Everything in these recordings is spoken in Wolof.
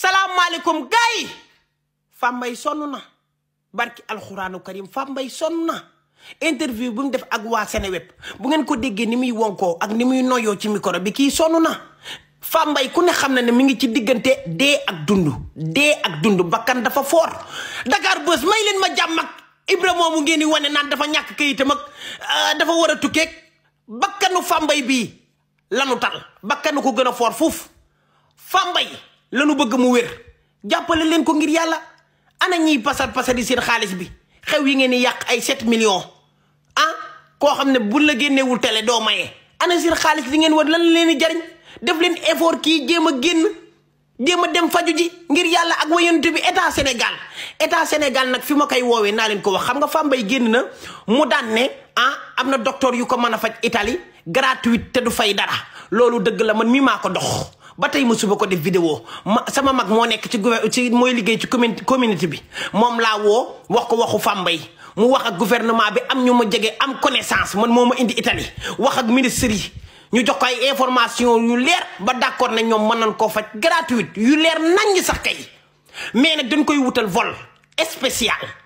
salaamaaleykum gars yi Fambaye sonn na barki alxuraanu karim Fambaye sonn na interview bu mu def ak waa Seneweb bu ngeen ko déggee ni muy wonkoo ak ni muy noyoo ci micro bi kii sonn na fàmbay ku ne xam na ne mi ngi ci diggante dee ak dund dee ak dund bakkan dafa foor Dakar Buzz may leen ma jàmm ak Ibra moomu ngeen di wane naan dafa ñàkk kayitam ak euh, dafa war a tukkeeg bakkanu Fambaye bi lanu tal bakkanu ko gën a foor fuuf fàmbay lanu bëgg mu wér jàppale leen ko ngir yàlla ana ñiy pasar pasari seen xaalis bi xew yi ngeen di yàq ay 7 million ah koo xam ne bu la génneewul télé doo maye ana seen xaalis bi ngeen war lan leen di jariñ def leen effort kii jéem a génn jéem a dem faju ji ngir yàlla ak wayonte bi état Sénégal état Sénégal nag fi ma koy woowee naa leen ko wax xam nga Fambaye génn na mu daan ne ah am na docteur yu ko mën a faj Italie gratuite te du fay dara loolu dëgg la man mi maa ko dox. ba tey suba ko def vidéo ma sama mag moo nekk ci ci mooy liggéey ci commune communauté bi moom laa woo wax ko waxu Fambaye mu wax ak gouvernement bi am ñu ma jege am connaissance man moo ma indi Italie wax ak ministre yi ñu jox ko ay information yu leer ba d'accord na ñoom mën nañ koo faj gratuite yu leer nañ sax kay mais nag dañ koy wutal vol espécial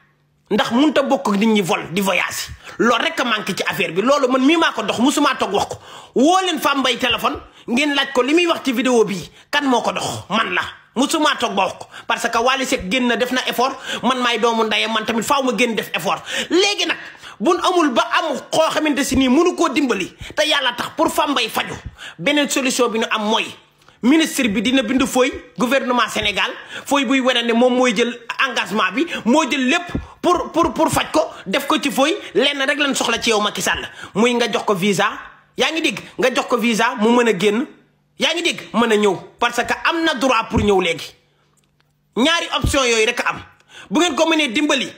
ndax munta bokk ak nit ñi vol di voyage loolu rek a manqué ci affaire bi loolu man mii maa ko dox musumaa toog wax ko woo leen Fane Mbaye téléphone ngeen laaj ko li muy wax ci vidéo bii kan moo ko dox man la musumaa toog ba wax ko parce que Wally Seck génn na def na effort man may doomu ndaye man tamit faaw ma génn def effort léegi nag bun amul ba am xoo xamante si nii mënu koo dimbali te yàlla tax pour Fane Mbaye faju beneen solution bi ñu am mooy ministre bi dina bind fooy gouvernement Sénégal fooy buy wane ne moom mooy jël engagement bi moo jël lépp pour pour pour faj ko def ko ci fooy lenn rek lañ soxla ci yow Macky la muy nga jox ko visa yaa ngi dégg nga jox ko visa mu mën a génn yaa ngi dégg mën a ñëw parce que am na droit pour ñëw léegi ñaari option yooyu rek am bu ngeen ko mënee dimbali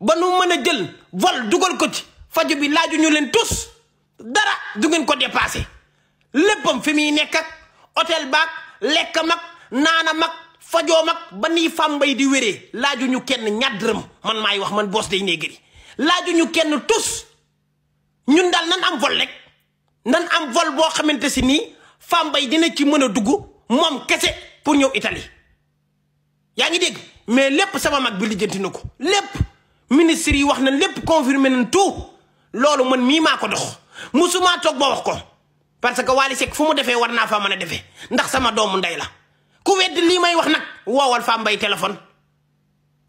ba nu mën a jël vol dugal ko ci faju bi laaju ñu leen tous dara du ngeen ko dépassé léppam fi muy nekk ak hôtel baak lekk mag a mag fajoom ak ba nii fàmbay di wéree laajuñu kenn ñàddërëm man maay wax man boos day néegri laajuñu kenn tus ñun daal nan am vol rek nan am vol boo xamante si nii fàmbay dina ci mën a dugg moom kese pour ñëw Italie yaa ngi dégg mais lépp sama mag bi lijjanti ko lépp ministre yi wax na lépp confirmé nañ tout loolu man mii maa ko dox musumaa toog boo wax ko parce que Wally Seck fu mu defee war naa faa mën a defee ndax sama doomu ndey la ku wedd lii may wax nag woowal faa mbay téléphone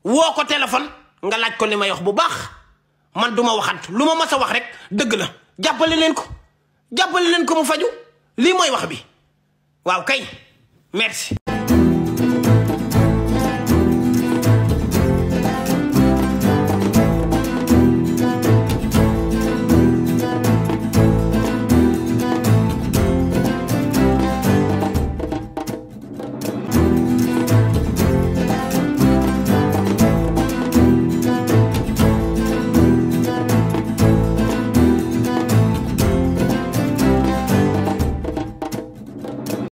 woo ko téléphone nga laaj ko li may wax bu baax man du ma waxant lu ma mas a wax rek dëgg la jàppale leen ko jàppale leen ko mu faju lii mooy wax bi waaw kay merci